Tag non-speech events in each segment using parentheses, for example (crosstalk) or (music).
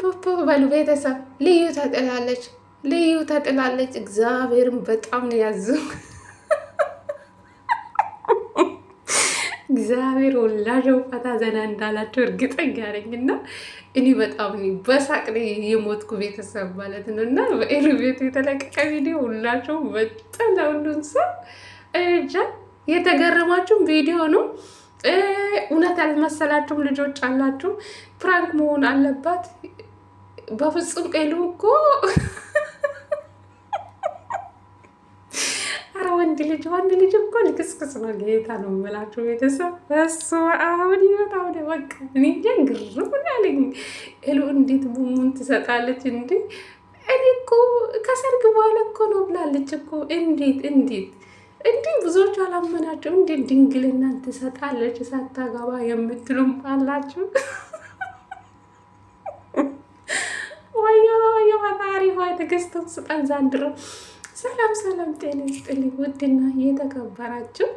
ቱ በሉ ቤተሰብ። ልዩ ተጥላለች፣ ልዩ ተጥላለች። እግዚአብሔርም በጣም ነው ያዙ። እግዚአብሔር ወላደው ፈታ ዘና እንዳላቸው እርግጠኛ ነኝ እና እኔ በጣም በሳቅ የሞትኩ ቤተሰብ ማለት ነው። እና በኤሉ ቤቱ የተለቀቀ ቪዲዮ ሁላቸው በጣም ለሁሉን ሰው እጃ የተገረማችሁን ቪዲዮ ነው። እውነት ያልመሰላችሁም ልጆች አላችሁ። ፕራንክ መሆን አለባት። በፍጹም ቄሉ እኮ ኧረ ወንድ ልጅ ወንድ ልጅ እኮ ልክስክስ ነው። ጌታ ነው የምላችሁ ቤተሰብ። እሱ አሁን ይወጣ ይመጣሁ በቃ እኔ እንጃ ግርም ያለኝ ሄሉ እንዴት ቡሙን ትሰጣለች እንዴ? እኔ እኮ ከሰርግ በኋላ እኮ ነው ብላለች እኮ እንዴት እንዴት እንዲህ ብዙዎቹ አላመናቸው እንዲ ድንግልናን ትሰጣለች ሳታገባ የምትሉም አላችሁ። ወዮ ወዮ ፈጣሪ ሆይ ትዕግስትን ስጠን ሰላም ሰላም፣ ጤና ይስጥልኝ ውድና እየተከበራችሁ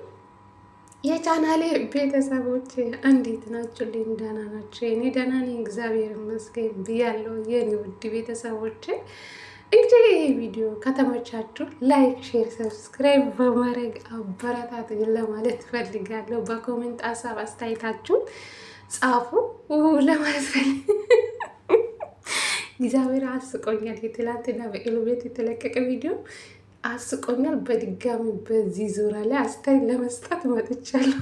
የቻናሌ ቤተሰቦች እንዴት ናችሁ? ልኝ ደህና ናቸው። እኔ ደህና ነኝ፣ እግዚአብሔር ይመስገን ብያለሁ የኔ ውድ ቤተሰቦች እንግዲህ ይህ ቪዲዮ ከተመቻችሁ ላይክ፣ ሼር፣ ሰብስክራይብ በማድረግ አበረታቱኝ ለማለት ፈልጋለሁ። በኮሜንት ሀሳብ አስተያየታችሁን ጻፉ ለማለት ፈልግ እግዚአብሔር አስቆኛል። የትላንትና በኤሉ ቤት የተለቀቀ ቪዲዮ አስቆኛል። በድጋሚ በዚህ ዙሪያ ላይ አስተያየት ለመስጠት መጥቻለሁ።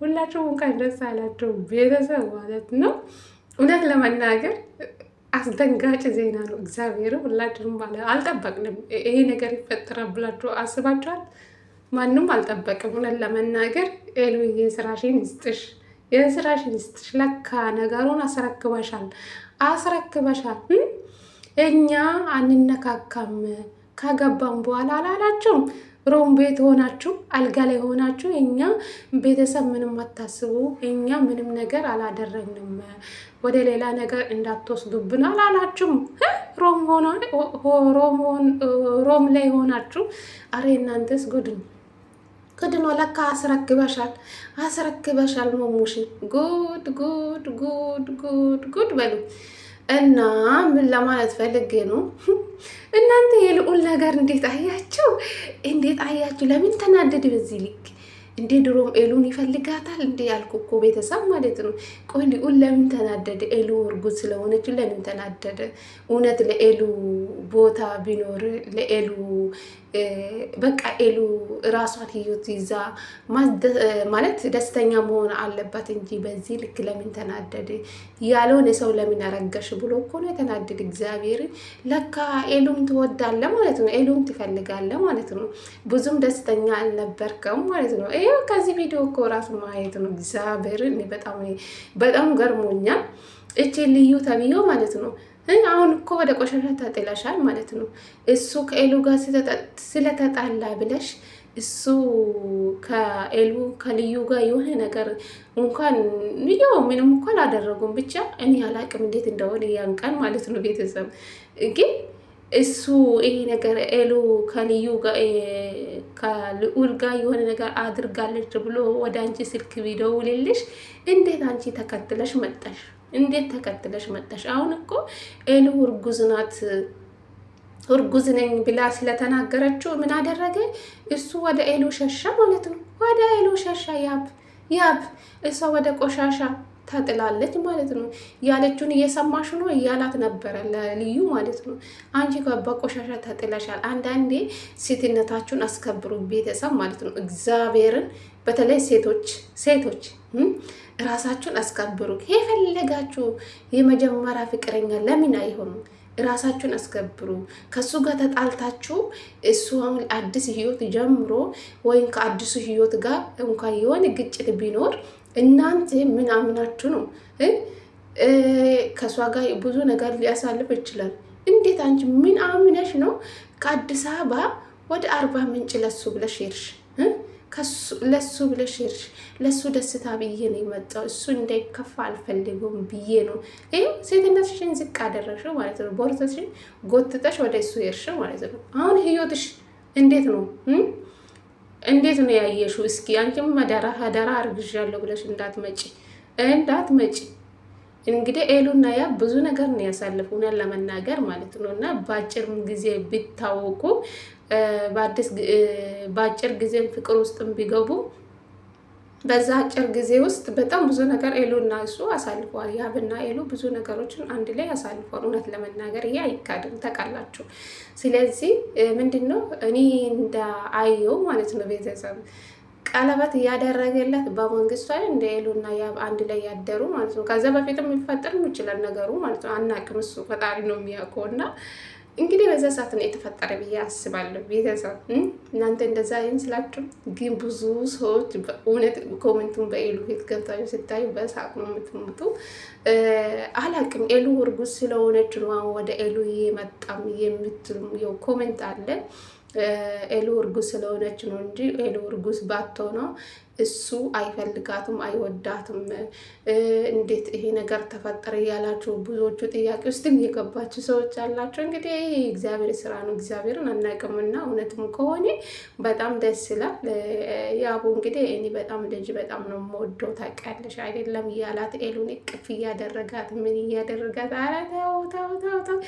ሁላችሁም እንኳን ደስ አላችሁ ቤተሰብ ማለት ነው። እውነት ለመናገር አስደንጋጭ ዜና ነው። እግዚአብሔር ሁላችንም አልጠበቅንም። ይሄ ነገር ይፈጠራል ብላችሁ አስባችኋል? ማንም አልጠበቅም። እውነት ለመናገር ኤሉ የስራሽን ይስጥሽ፣ የስራሽን ይስጥሽ። ለካ ነገሩን አስረክበሻል፣ አስረክበሻል። እኛ አንነካካም ካገባም በኋላ አላላቸውም ሮም ቤት ሆናችሁ አልጋ ላይ ሆናችሁ እኛ ቤተሰብ ምንም አታስቡ፣ እኛ ምንም ነገር አላደረግንም፣ ወደ ሌላ ነገር እንዳትወስዱብን አላላችሁም። ሮም ሮም ላይ ሆናችሁ አሬ እናንተስ ጉድ ነው ለካ አስረክበሻል፣ አስረክበሻል። ሞሙሽ ጉድ ጉድ ጉድ ጉድ ጉድ በሉ። እና ምን ለማለት ፈልጌ ነው? (laughs) እናንተ የልዑል ነገር እንዴት አያችሁ? እንዴት አያችሁ? ለምን ተናደድ በዚህ ልክ እንዴ? ድሮም ኤሉን ይፈልጋታል እንዴ ያልኩ እኮ ቤተሰብ ማለት ነው። ቆይ ልዑል ለምን ተናደደ? ኤሉ እርጉዝ ስለሆነች ለምን ተናደደ? እውነት ለኤሉ ቦታ ቢኖር ለኤሉ በቃ ኤሉ ራሷን ህይወት ይዛ ማለት ደስተኛ መሆን አለባት እንጂ በዚህ ልክ ለምን ተናደድ ያለውን የሰው ለምን አረገሽ ብሎ እኮ ነው የተናደደ። እግዚአብሔር ለካ ኤሉም ትወዳለ ማለት ነው፣ ኤሉም ትፈልጋለ ማለት ነው። ብዙም ደስተኛ አልነበርከም ማለት ነው። ይኸው ከዚህ ቪዲዮ እኮ ራሱ ማየት ነው። እግዚአብሔር በጣም በጣም ገርሞኛል። እቺ ልዩ ተብዬ ማለት ነው አሁን እኮ ወደ ቆሻሻ ተጥለሻል ማለት ነው። እሱ ከኤሉ ጋር ስለተጣላ ብለሽ እሱ ከኤሉ ከልዩ ጋር የሆነ ነገር እንኳን ልየው ምንም እኮ አላደረጉም። ብቻ እኔ አላቅም እንዴት እንደሆነ ያን ቀን ማለት ነው። ቤተሰብ ግን እሱ ይሄ ነገር ኤሉ ከልዩ ጋር ከልዑል ጋር የሆነ ነገር አድርጋለች ብሎ ወደ አንቺ ስልክ ቢደውልልሽ እንዴት አንቺ ተከትለሽ መጣሽ? እንዴት ተከትለሽ መጣሽ? አሁን እኮ ኤሉ እርጉዝ ናት እርጉዝ ነኝ ብላ ስለተናገረችው ምን አደረገ እሱ? ወደ ኤሉ ሸሻ ማለት ነው። ወደ ኤሉ ሸሻ። ያብ ያብ እሷ ወደ ቆሻሻ ተጥላለች ማለት ነው። ያለችውን እየሰማሽ ነው እያላት ነበረ ለልዩ ማለት ነው። አንቺ በቆሻሻ ተጥለሻል። አንዳንዴ ሴትነታችሁን አስከብሩ ቤተሰብ ማለት ነው። እግዚአብሔርን በተለይ ሴቶች ሴቶች ራሳችሁን አስከብሩ። የፈለጋችሁ የመጀመሪያ ፍቅረኛ ለምን አይሆኑም? ራሳችሁን አስከብሩ። ከሱ ጋር ተጣልታችሁ እሱ አሁን አዲስ ህይወት ጀምሮ ወይም ከአዲሱ ህይወት ጋር እንኳን የሆነ ግጭት ቢኖር እናንተ ምን አምናችሁ ነው? ከእሷ ጋር ብዙ ነገር ሊያሳልፍ ይችላል። እንዴት አንቺ ምን አምነሽ ነው ከአዲስ አበባ ወደ አርባ ምንጭ ለሱ ብለሽ ሄድሽ? ለሱ ብለሽ ሄድሽ? ለሱ ደስታ ብዬ ነው የመጣው እሱ እንዳይከፋ አልፈልጉም ብዬ ነው። ይህ ሴትነትሽን ዝቅ አደረግሽው ማለት ነው። ቦርተሽን ጎትተሽ ወደ እሱ ሄድሽ ማለት ነው። አሁን ህይወትሽ እንዴት ነው? እንዴት ነው ያየሽው? እስኪ አንቺም መደራ ሀደራ አርግዣለሁ ብለሽ እንዳትመጪ እንዳትመጪ። እንግዲህ ኤሉና ያ ብዙ ነገር ነው ያሳለፉ እውነት ለመናገር ማለት ነው። እና በአጭር ጊዜ ቢታወቁ በአጭር ጊዜም ፍቅር ውስጥም ቢገቡ በዛ አጭር ጊዜ ውስጥ በጣም ብዙ ነገር ኤሎና እሱ አሳልፈዋል። ያብና ኤሉ ብዙ ነገሮችን አንድ ላይ አሳልፈዋል። እውነት ለመናገር ይሄ አይካድም፣ ታውቃላችሁ። ስለዚህ ምንድን ነው እኔ እንደ አየው ማለት ነው ቤተሰብ ቀለበት እያደረገለት በመንግስቱ አይደል እንደ ኤሉና ያብ አንድ ላይ ያደሩ ማለት ነው። ከዛ በፊትም ሊፈጠር ይችላል ነገሩ ማለት ነው። አናቅም፣ እሱ ፈጣሪ ነው የሚያውቀው እና እንግዲህ በዛ ሰዓት ነው የተፈጠረ ብዬ አስባለሁ። ቤተሰብ እናንተ እንደዛ ይህን ስላችሁ ግን ብዙ ሰዎች እውነት ኮመንቱን በኤሉ ፊት ገብታችሁ ስታዩ በሳቅ ነው የምትሙቱ። አላቅም ኤሉ እርጉዝ ስለሆነች ነው ወደ ኤሉ የመጣም የምትሉ ኮመንት አለ። ኤሉ እርጉዝ ስለሆነች ነው እንጂ ኤሉ እርጉዝ ባቶ ነው እሱ አይፈልጋትም፣ አይወዳትም። እንዴት ይሄ ነገር ተፈጠረ ያላችሁ ብዙዎቹ ጥያቄ ውስጥም የገባችሁ ሰዎች አላቸው። እንግዲህ ይሄ እግዚአብሔር ስራ ነው፣ እግዚአብሔርን አናቅምና እውነትም ከሆነ በጣም ደስ ይላል። ያቡ እንግዲህ እኔ በጣም ልጅ በጣም ነው የምወደው ታውቂያለሽ አይደለም እያላት ኤሉን እቅፍ እያደረጋት ምን እያደረጋት ኧረ ተው ተው ተው ተው።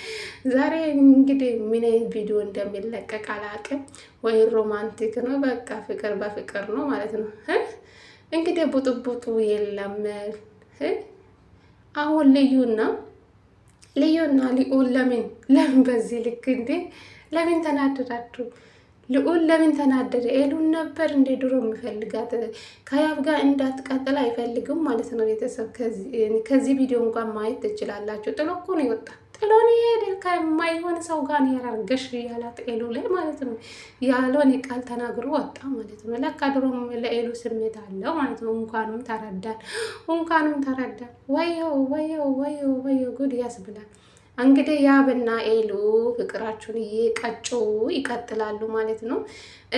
ዛሬ እንግዲህ ምን አይነት ቪዲዮ እንደሚለቀቅ አላቅም። ወይ ሮማንቲክ ነው በቃ ፍቅር በፍቅር ነው ማለት ነው። እንግዲህ ቡጥቡጡ የለም። አሁን ልዩና ልዩና ልዑል ለምን ለምን በዚህ ልክ እንዴ? ለምን ተናደዳችሁ? ልዑል ለምን ተናደደ? ኤሉን ነበር እንደ ድሮ የሚፈልጋት ከያብ ጋር እንዳትቀጥል አይፈልግም ማለት ነው። ቤተሰብ ከዚህ ቪዲዮ እንኳን ማየት ትችላላችሁ። ጥሎ እኮ ነው ይወጣል ጥሎን ይሄድል ከማይሆን ሰው ጋር ያራገሽ ያላት ኤሉ ላይ ማለት ነው። ያልሆነ ቃል ተናግሮ ወጣ ማለት ነው። ለካ ድሮም ለኤሉ ስሜት አለው ማለት ነው። እንኳንም ተረዳን፣ እንኳንም ተረዳን። ወየው ወየው ወየው ወየው ጉድ ያስብላል። እንግዲህ ያብና ኤሉ ፍቅራችሁን እየቀጩ ይቀጥላሉ ማለት ነው።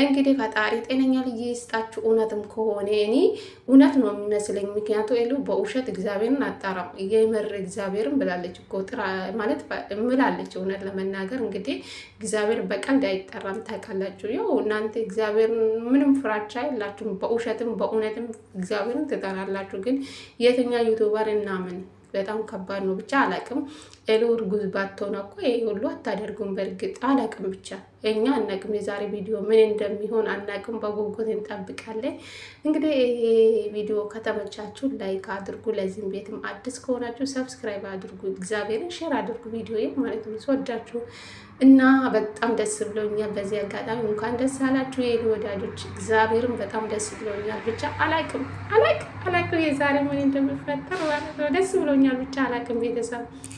እንግዲህ ፈጣሪ ጤነኛ ልጅ ይስጣችሁ። እውነትም ከሆነ እኔ እውነት ነው የሚመስለኝ፣ ምክንያቱ ኤሉ በውሸት እግዚአብሔርን አጣራም የምር እግዚአብሔርን ብላለች እኮ ጥራ ማለት ምላለች። እውነት ለመናገር እንግዲህ እግዚአብሔር በቀልድ አይጠራም። ታውቃላችሁ፣ ያው እናንተ እግዚአብሔር ምንም ፍራቻ የላችሁም። በውሸትም በእውነትም እግዚአብሔርን ትጠራላችሁ። ግን የትኛ ዩቱበር እናምን በጣም ከባድ ነው። ብቻ አላቅም ሄሉ እርጉዝ ባትሆን እኮ ይሄ ሁሉ አታደርጉም። በእርግጥ አላቅም፣ ብቻ እኛ አናቅም። የዛሬ ቪዲዮ ምን እንደሚሆን አናቅም፣ በጉጉት እንጠብቃለን። እንግዲህ ይሄ ቪዲዮ ከተመቻችሁ ላይክ አድርጉ። ለዚህም ቤትም አዲስ ከሆናችሁ ሰብስክራይብ አድርጉ። እግዚአብሔርን ሼር አድርጉ ቪዲዮ ማለት ነው ስወዳችሁ እና በጣም ደስ ብሎኛል። በዚህ አጋጣሚ እንኳን ደስ አላችሁ የሄሉ ወዳጆች፣ እግዚአብሔርም በጣም ደስ ብሎኛል። ብቻ አላቅም አላቅ አላቅም የዛሬ ምን እንደሚፈጠር ማለት ነው። ደስ ብሎኛል ብቻ አላቅም ቤተሰብ